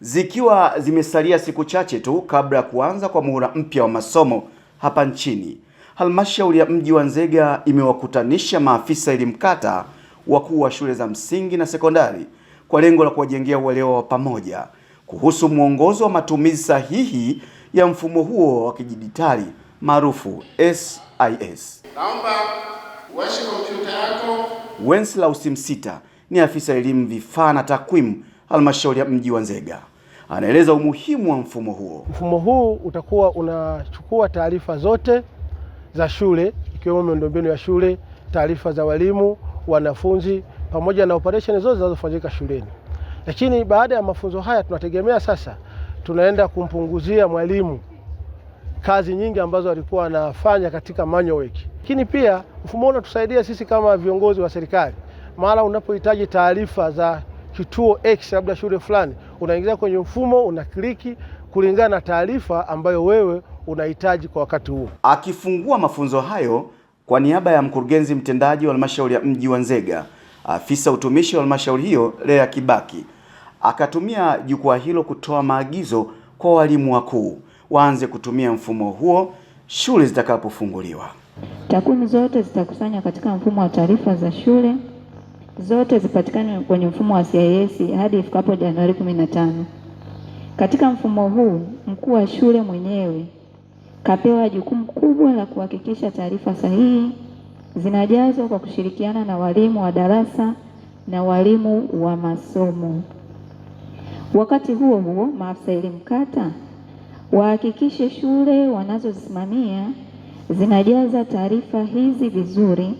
Zikiwa zimesalia siku chache tu kabla ya kuanza kwa muhula mpya wa masomo hapa nchini, halmashauri ya mji wa Nzega imewakutanisha maafisa elimu kata, wakuu wa shule za msingi na sekondari kwa lengo la kuwajengea uelewa wa pamoja kuhusu mwongozo wa matumizi sahihi ya mfumo huo wa kidijitali maarufu SIS. Naomba uwashe kompyuta yako. Wenslaus Msita ni afisa elimu vifaa na takwimu halmashauri ya mji wa Nzega. Anaeleza umuhimu wa mfumo huo. Mfumo huu utakuwa unachukua taarifa zote za shule ikiwemo miundombinu ya shule, taarifa za walimu, wanafunzi pamoja na operesheni zote zinazofanyika shuleni. Lakini baada ya mafunzo haya tunategemea sasa tunaenda kumpunguzia mwalimu kazi nyingi ambazo alikuwa anafanya katika manual work. Lakini pia mfumo unatusaidia sisi kama viongozi wa serikali, mara unapohitaji taarifa za kituo X labda shule fulani, unaingiza kwenye mfumo, unakliki kulingana na taarifa ambayo wewe unahitaji kwa wakati huo. Akifungua mafunzo hayo kwa niaba ya mkurugenzi mtendaji wa halmashauri ya mji wa Nzega, afisa utumishi wa halmashauri hiyo Lea Kibaki akatumia jukwaa hilo kutoa maagizo kwa walimu wakuu waanze kutumia mfumo huo shule zitakapofunguliwa. Takwimu zote zitakusanywa katika mfumo wa taarifa za shule zote zipatikane kwenye mfumo wa CIS hadi ifikapo Januari kumi na tano. Katika mfumo huu, mkuu wa shule mwenyewe kapewa jukumu kubwa la kuhakikisha taarifa sahihi zinajazwa kwa kushirikiana na walimu wa darasa na walimu wa masomo. Wakati huo huo, maafisa elimu kata wahakikishe shule wanazozisimamia zinajaza taarifa hizi vizuri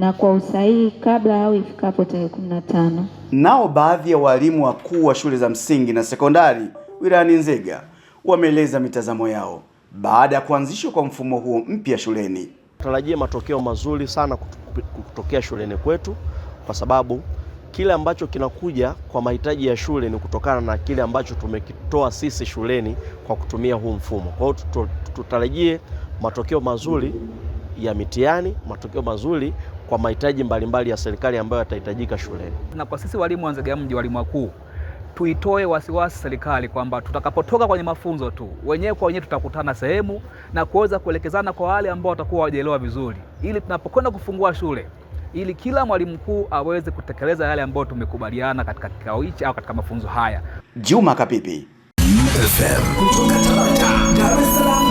na kwa usahihi kabla au ifikapo tarehe 15. Nao baadhi ya walimu wakuu wa shule za msingi na sekondari wilayani Nzega wameeleza mitazamo yao baada ya kuanzishwa kwa mfumo huo mpya shuleni. Tarajia matokeo mazuri sana kutokea shuleni kwetu kwa sababu kile ambacho kinakuja kwa mahitaji ya shule ni kutokana na kile ambacho tumekitoa sisi shuleni kwa kutumia huu mfumo. Kwa hiyo tutarajie matokeo mazuri ya mitihani, matokeo mazuri kwa mahitaji mbalimbali ya serikali ambayo yatahitajika shuleni. Na kwa sisi walimu wa Nzega mji, walimu wakuu, tuitoe wasiwasi serikali kwamba tutakapotoka kwenye mafunzo tu wenyewe kwa wenyewe tutakutana sehemu na kuweza kuelekezana kwa wale ambao watakuwa wajaelewa vizuri, ili tunapokwenda kufungua shule ili kila mwalimu mkuu aweze kutekeleza yale ambayo tumekubaliana katika kikao hichi au katika mafunzo haya. Juma Kapipi FM kutoka Tabata, Dar es Salaam.